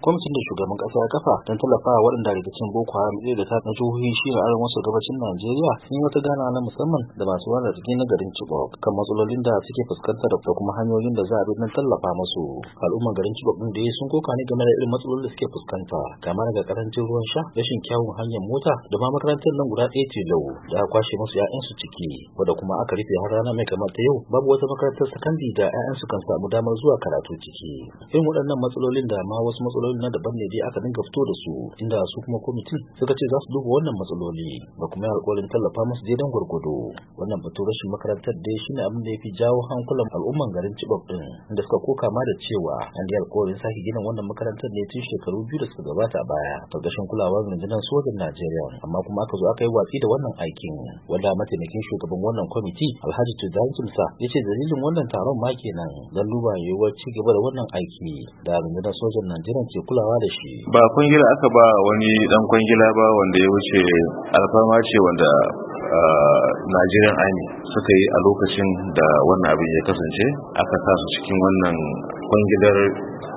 kwamitin da shugaban kasa ya kafa don tallafa wa waɗanda cikin boko haram ɗaya da ta na jihohi shi na arewa maso gabashin najeriya sun yi wata gana na musamman da masu wani rikicin na garin chibok kan matsalolin da suke fuskanta da kuma hanyoyin da za a bi don tallafa musu al'umman garin chibok ɗin da ya sun koka ne game da irin matsalolin da suke fuskanta kama daga karancin ruwan sha rashin kyawun hanyar mota da ma makarantar nan guda ɗaya lau da aka kwashe musu 'ya'yansu ciki wadda kuma aka rufe har rana mai kamar ta yau babu wata makarantar sakandi da 'ya'yansu kan samu damar zuwa karatu ciki irin waɗannan matsalolin da ma wasu matsalolin matsaloli na daban ne dai aka dinga fito da su inda su kuma kwamitin suka ce za su duba wannan matsaloli da kuma yi alƙawarin tallafa masu daidan gwargwado wannan batun rashin makarantar dai shine abin da ya fi jawo hankulan al'umman garin cibab din inda suka koka ma da cewa an yi alƙawarin sake gina wannan makarantar ne tun shekaru biyu da suka gabata a baya karkashin kulawar rundunar sojan Najeriya amma kuma aka zo aka yi watsi da wannan aikin wanda mataimakin shugaban wannan kwamiti Alhaji Tudai sa. ya ce dalilin wannan taron ma kenan don duba yiwuwar ci gaba da wannan aiki da rundunar sojan Najeriya ke kulawa da shi ba kwangila aka ba wani dan kwangila ba wanda ya wuce alfama ce wanda Nigerian Army suka yi a lokacin da wannan abin ya kasance aka sa su cikin wannan kwangilar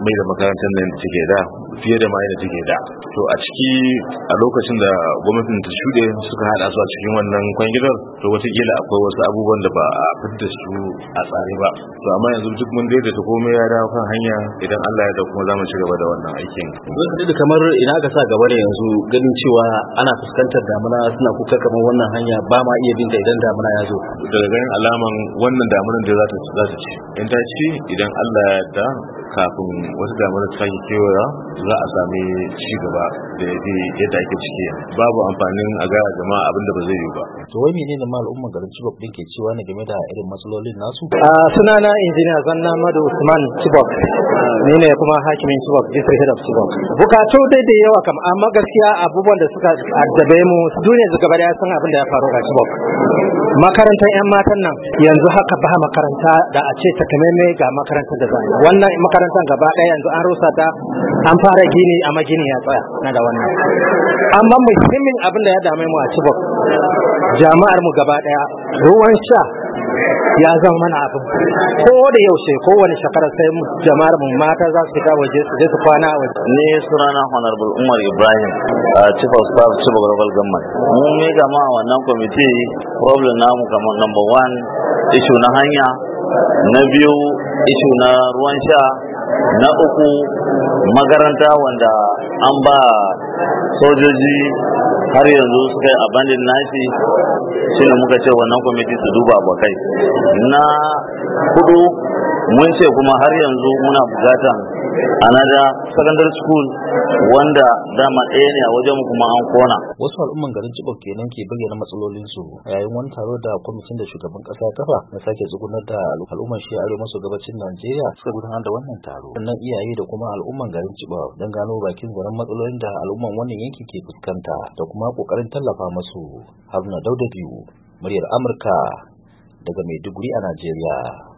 mai da makarantar nan da take da fiye da mai da take da to a ciki a lokacin da gwamnatin ta shuɗe suka haɗa su a cikin wannan kwangilar to wataƙila akwai wasu abubuwan da ba a fitar su a tsare ba to amma yanzu duk mun ta komai ya dawo kan hanya idan Allah ya da kuma za mu ci gaba da wannan aikin duk da kamar ina ga sa gaba da yanzu ganin cewa ana fuskantar damuna suna kuka kamar wannan hanya ba ma iya binta idan damuna ya zo daga ganin alaman wannan damunan da za ta ci in ta ci idan Allah ya da kafin wasu damar ta kewaya za a sami ci gaba da yadda ake ciki babu amfanin a gaya jama'a abin da ba zai yi ba. to wai menene ma al'umma garin cibok din ke cewa ne game da irin matsalolin nasu. a na injiniya zanna madu usman cibok ni ne kuma hakimin cibok district head of cibok. bukatu dai da yawa kam amma gaskiya abubuwan da suka addabe mu duniya gaba daya san abin da ya faru ga cibok. makarantar 'yan matan nan yanzu haka ba makaranta da a ce ta takamaimai ga makarantar da zai wannan makarantar gaba ɗaya yanzu an rusa ta an fara gini a magini ya tsaya na da wannan amma muhimmin abin da ya dame mu a cibok jama'ar mu gaba ɗaya ruwan sha ya zama mana abin ko da yaushe ko wani shekara sai jama'ar mu mata za su fita waje su je su kwana a waje ne surana honorable Umar Ibrahim chief of staff chief global government mun ne ma wannan committee problem namu kamar number one issue na hanya na biyu ishu na ruwan sha na uku makaranta wanda an ba sojoji har yanzu suka yi abandon nashi shi ne muka ce wannan kwamiti su duba bakai na hudu mun ce kuma har yanzu muna bukatan another secondary school wanda dama ɗaya ne a wajen kuma an kona. Wasu al'umman garin Chibok kenan ke bayyana matsalolinsu yayin wani taro da kwamitin da shugaban ƙasa kafa na sake tsugunar da al'umman shi arewa maso gabacin Najeriya suka gudanar da wannan taro. Sannan iyaye da kuma al'umman garin Chibok don gano bakin gwaran matsalolin da al'umman wannan yanki ke fuskanta da kuma ƙoƙarin tallafa masu. Haruna Dauda biyu, muryar Amurka daga Maiduguri a Najeriya.